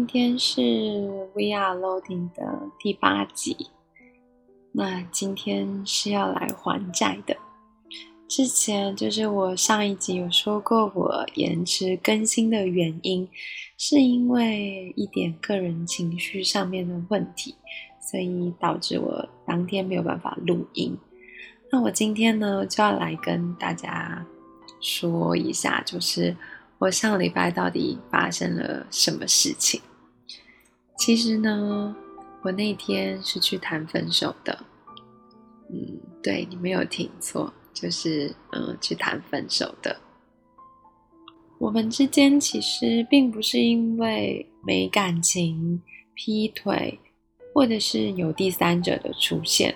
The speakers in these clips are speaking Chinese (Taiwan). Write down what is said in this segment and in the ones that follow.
今天是《We Are Loading》的第八集。那今天是要來還債的。之前就是我上一集有說過，我延遲更新的原因是因為一點個人情緒上面的問題，所以導致我當天沒有辦法錄音。那我今天呢，就要來跟大家說一下，就是我上禮拜到底發生了什麼事情。其實呢，我那天是去談分手的。嗯，對，你沒有聽錯，就是嗯去談分手的。我們之間其實並不是因為沒感情、劈腿，或者是有第三者的出現，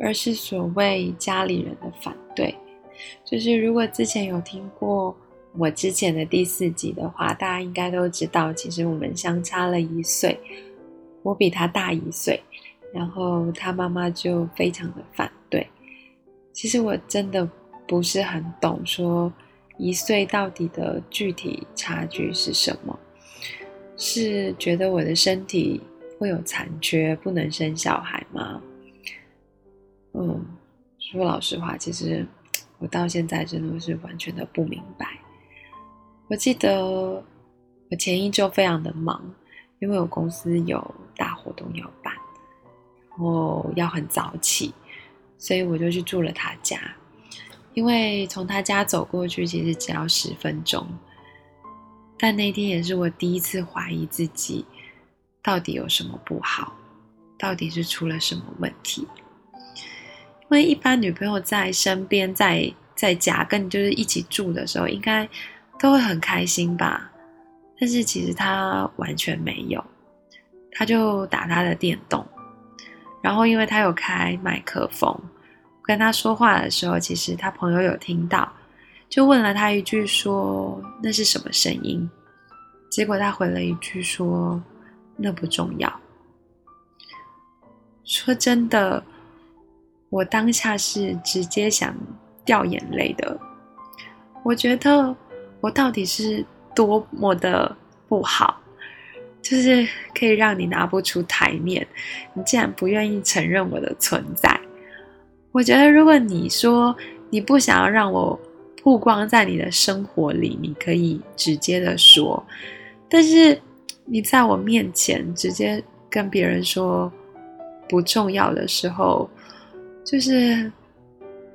而是所謂家裡人的反對。就是如果之前有聽過。我之前的第四集的話，大家應該都知道，其實我們相差了一歲，我比他大一歲，然後他媽媽就非常的反對。其實我真的不是很懂，說一歲到底的具體差距是什麼？是覺得我的身體會有殘缺，不能生小孩嗎？嗯，說老實話，其實我到現在真的是完全的不明白。我記得我前一周非常的忙，因為我公司有大活動要辦，然後要很早起，所以我就去住了他家，因為從他家走過去其實只要十分鐘，但那天也是我第一次懷疑自己到底有什麼不好，到底是出了什麼問題，因為一般女朋友在身邊在，在在家跟你就是一起住的時候，應該。都會很開心吧，但是其實他完全沒有，他就打他的電動，然後因為他有開麥克風，我跟他說話的時候，其實他朋友有聽到，就問了他一句說，那是什麼聲音，結果他回了一句說，那不重要。說真的，我當下是直接想掉眼淚的，我覺得。我到底是多麼的不好，就是可以讓你拿不出台面。你竟然不願意承認我的存在，我覺得如果你說你不想要讓我曝光在你的生活裡，你可以直接的說。但是你在我面前直接跟別人說不重要的時候，就是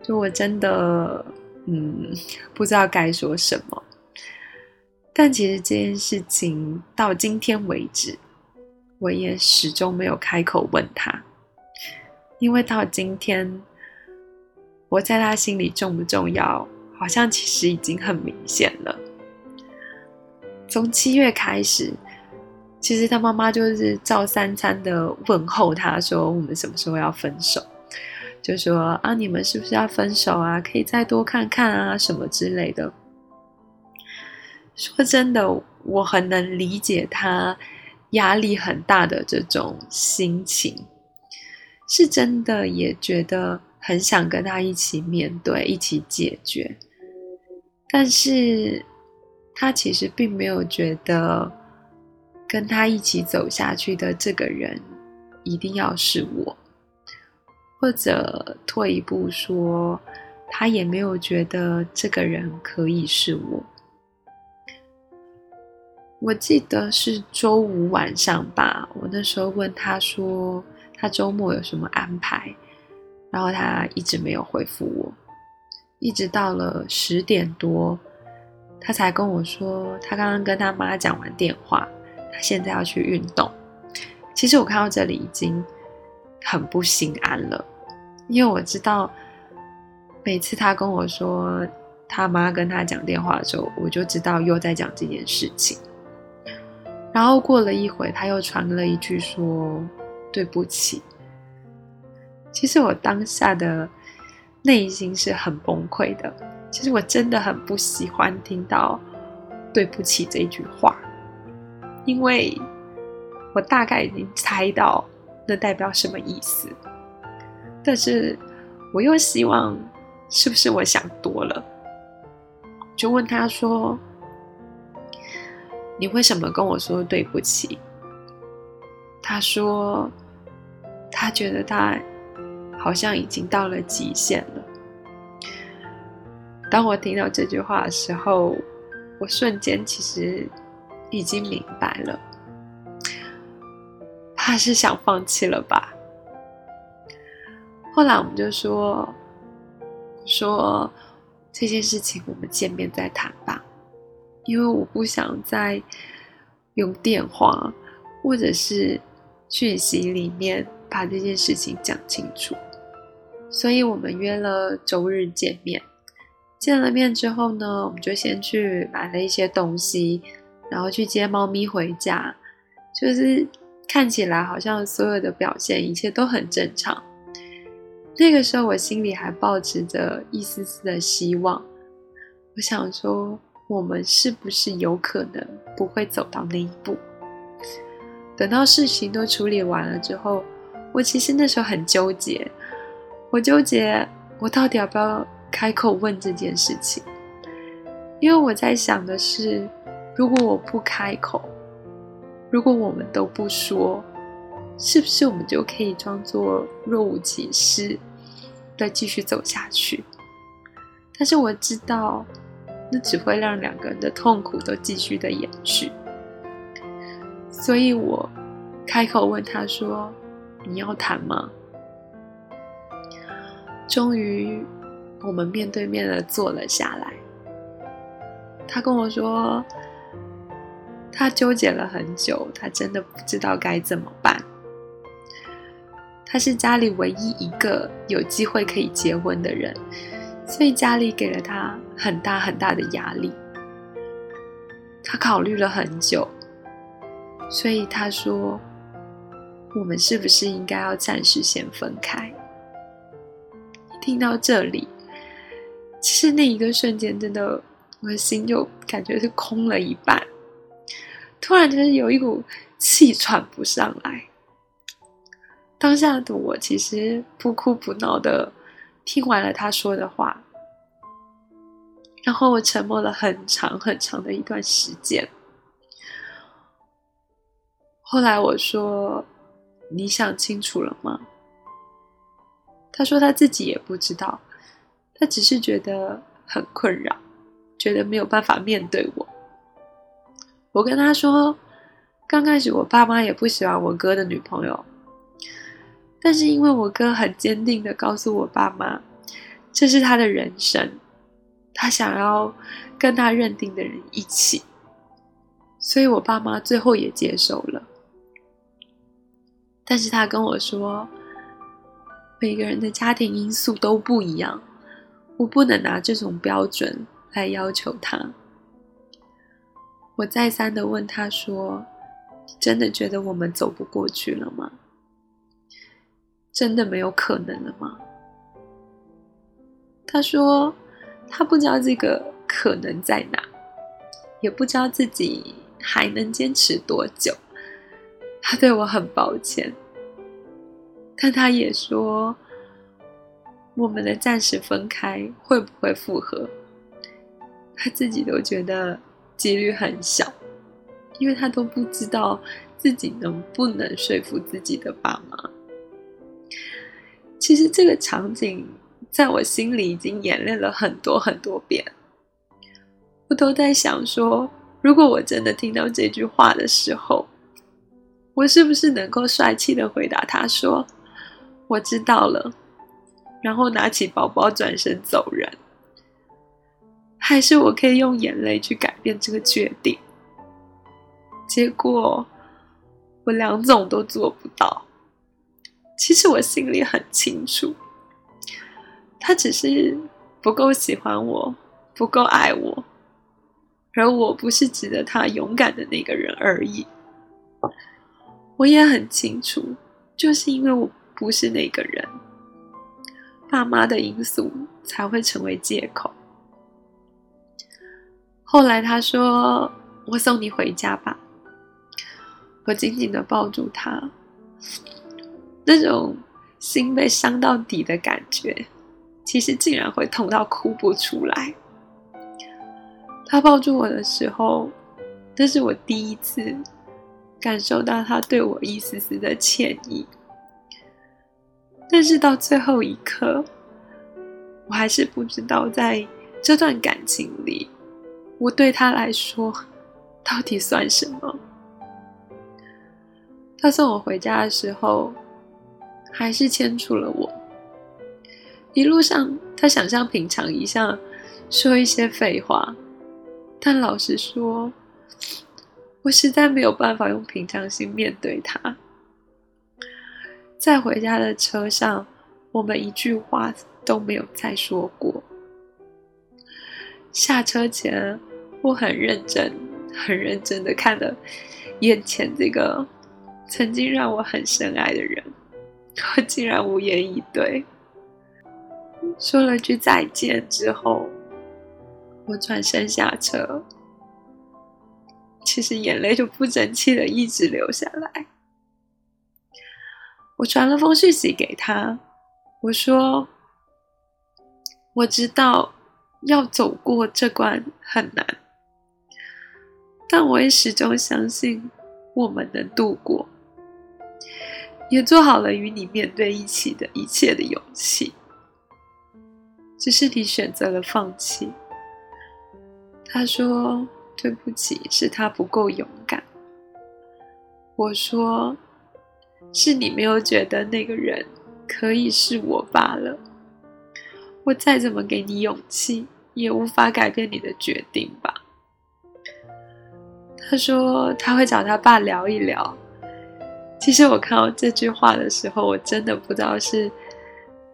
就我真的嗯不知道該說什麼。但其實這件事情到今天為止，我也始終沒有開口問他，因為到今天我在他心裡重不重要，好像其實已經很明顯了，從七月開始，其實他媽媽就是照三餐的問候他，說我們什麼時候要分手，就說啊，你們是不是要分手啊？可以再多看看啊，什麼之類的。說真的，我很能理解他壓力很大的這種心情，是真的，也覺得很想跟他一起面對，一起解決。但是他其實並沒有覺得跟他一起走下去的這個人一定要是我，或者退一步說，他也沒有覺得這個人可以是我。我記得是周五晚上吧，我那時候問他說他周末有什麼安排，然後他一直沒有回復我，一直到了十點多，他才跟我說他剛剛跟他媽講完電話，他現在要去運動。其實我看到這裡已經很不心安了，因為我知道每次他跟我說他媽跟他講電話的時候，我就知道又在講這件事情。然後過了一會，他又傳了一句說：“對不起。”其實我當下的內心是很崩潰的。其實我真的很不喜歡聽到“對不起”這一句話，因為我大概已經猜到那代表什麼意思。但是我又希望，是不是我想多了？就問他說，你為什麼跟我說對不起？他說，他覺得他好像已經到了極限了。當我聽到這句話的時候，我瞬間其實已經明白了，他是想放棄了吧。後來我們就說，說這件事情我們見面再談吧。因為我不想再用電話或者是訊息裡面把這件事情講清楚，所以我們約了週日見面。見了面之後呢，我們就先去買了一些東西，然後去接貓咪回家，就是看起來好像所有的表現一切都很正常。那個時候我心裡還抱持着一絲絲的希望，我想說。我們是不是有可能不會走到那一步？等到事情都處理完了之後，我其實那時候很糾結，我糾結我到底要不要開口問這件事情，因為我在想的是，如果我不開口，如果我們都不說，是不是我們就可以裝作若無其事的繼續走下去？但是我知道。那只會讓兩個人的痛苦都繼續的延續，所以我開口問他說：「你要談嗎？」終於，我們面對面的坐了下來。他跟我說，他糾結了很久，他真的不知道該怎麼辦。他是家裡唯一一個有機會可以結婚的人，所以家裡給了他。很大很大的壓力，他考慮了很久，所以他說：“我們是不是應該要暫時先分開？”聽到這裡，其實那一個瞬間，真的我的心就感覺是空了一半，突然就是有一股氣喘不上來。當下的我，其實不哭不鬧的聽完了他說的話。然後我沉默了很長很長的一段時間。後來我說：“你想清楚了嗎？”他說他自己也不知道，他只是覺得很困擾，覺得沒有辦法面對我。我跟他說：“剛開始我爸媽也不喜歡我哥的女朋友，但是因為我哥很堅定地告訴我爸媽，這是他的人生。”他想要跟他認定的人一起，所以我爸媽最後也接受了。但是他跟我說，每個人的家庭因素都不一樣，我不能拿這種標準來要求他。我再三地問他說：“你真的覺得我們走不過去了嗎？真的沒有可能了嗎？”他說。他不知道這個可能在哪，也不知道自己還能堅持多久。他對我很抱歉，但他也說，我們的暫時分開會不會復合，他自己都覺得幾率很小，因為他都不知道自己能不能說服自己的爸媽。其實這個場景。在我心裡已經演練了很多很多遍，我都在想說，如果我真的聽到這句話的時候，我是不是能夠帥氣地回答他說：“我知道了”，然後拿起包包轉身走人，還是我可以用眼淚去改變這個決定？結果我兩種都做不到。其實我心裡很清楚。他只是不夠喜歡我，不夠愛我，而我不是值得他勇敢的那個人而已。我也很清楚，就是因為我不是那個人，爸媽的因素才會成為借口。後來他說：“我送你回家吧。”我緊緊地抱住他，那種心被傷到底的感覺。其實竟然會痛到哭不出來。他抱住我的時候，這是我第一次感受到他對我一絲絲的歉意。但是到最後一刻，我還是不知道在這段感情裡，我對他來說到底算什麼。他送我回家的時候，還是牽住了我。一路上，他想像平常一樣說一些廢話，但老實說，我實在沒有辦法用平常心面對他。在回家的車上，我們一句話都沒有再說過。下車前，我很認真、很認真的看了眼前這個曾經讓我很深愛的人，我竟然無言以對。說了句再見之後，我轉身下車。其實眼淚就不爭氣的一直流下來。我傳了封訊息給他，我說：“我知道要走過這關很難，但我也始終相信我們能度過，也做好了與你面對一起的一切的勇氣。”只是你選擇了放棄。他說：“對不起，是他不夠勇敢。”我說：“是你沒有覺得那個人可以是我罷了。我再怎麼給你勇氣，也無法改變你的決定吧？”他說：“他會找他爸聊一聊。”其實我看到這句話的時候，我真的不知道是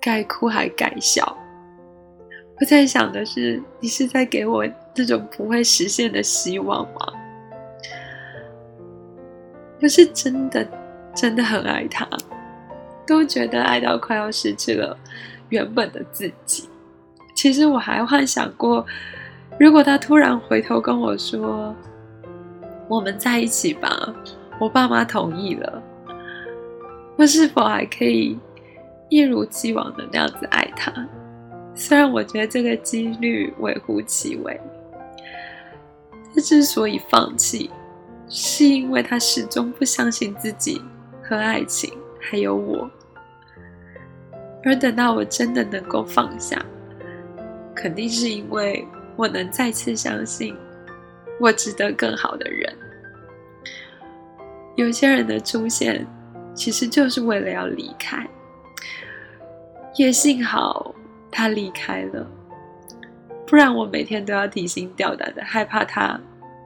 該哭還該笑。我在想的是，你是在給我這種不會實現的希望嗎？我、就是真的，真的很愛他，都覺得愛到快要失去了原本的自己。其實我還幻想過，如果他突然回頭跟我說“我們在一起吧”，我爸媽同意了，我是否還可以一如既往的那樣子愛他？雖然我覺得這個幾率微乎其微，他之所以放棄，是因為他始終不相信自己和愛情，還有我。而等到我真的能夠放下，肯定是因為我能再次相信，我值得更好的人。有些人的出現，其實就是為了要離開，也幸好。他離開了，不然我每天都要提心吊膽的，害怕他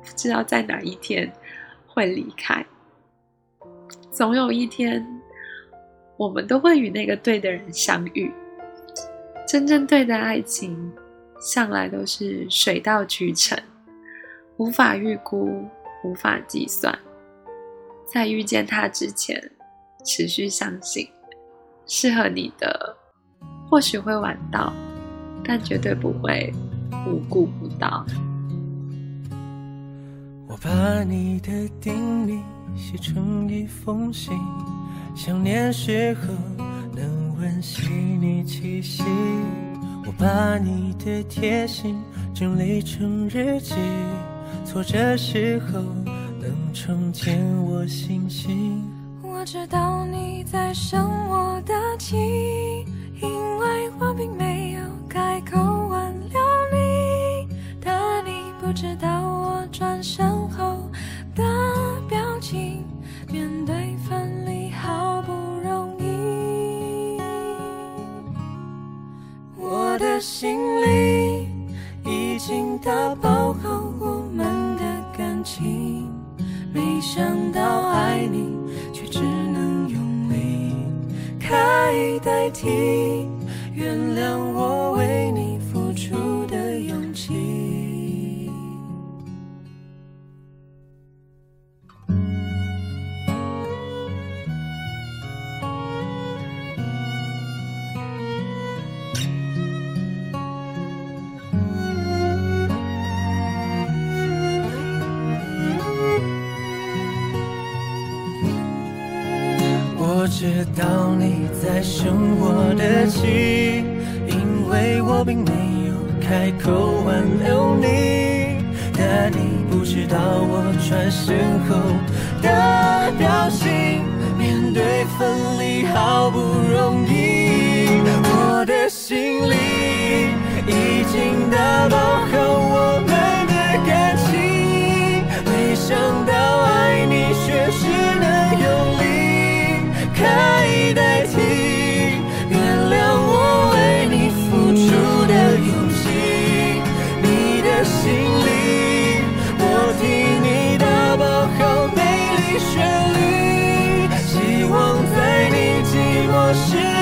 不知道在哪一天會離開。總有一天，我們都會與那個對的人相遇。真正對的愛情，向來都是水到渠成，無法預估，無法計算。在遇見他之前，持續相信適合你的。或許會晚到，但絕對不會無故不到。我把你的叮嚀寫成一封信，想念時候能溫習你氣息。我把你的貼心整理成日記，挫折時候能重建我信心。我知道你在生我的氣，因。我並沒。知道你在生我的氣，因為我並沒有開口挽留你。但你不知道我轉身後的表情，面對分離好不容易。是。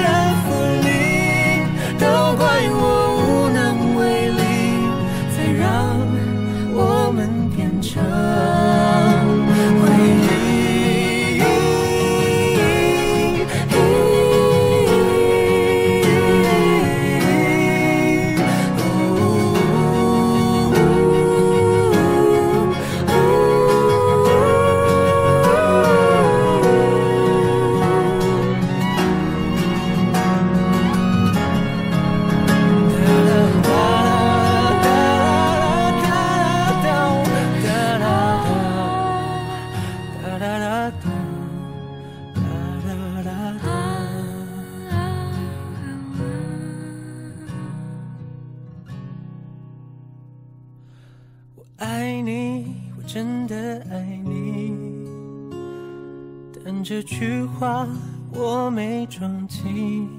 話我沒裝進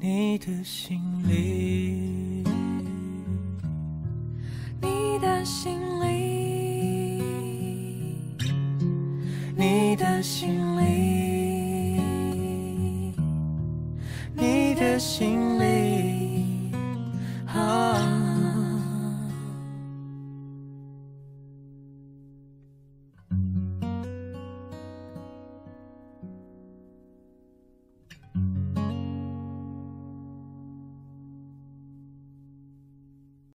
你的心裡，你的心裡，你的心。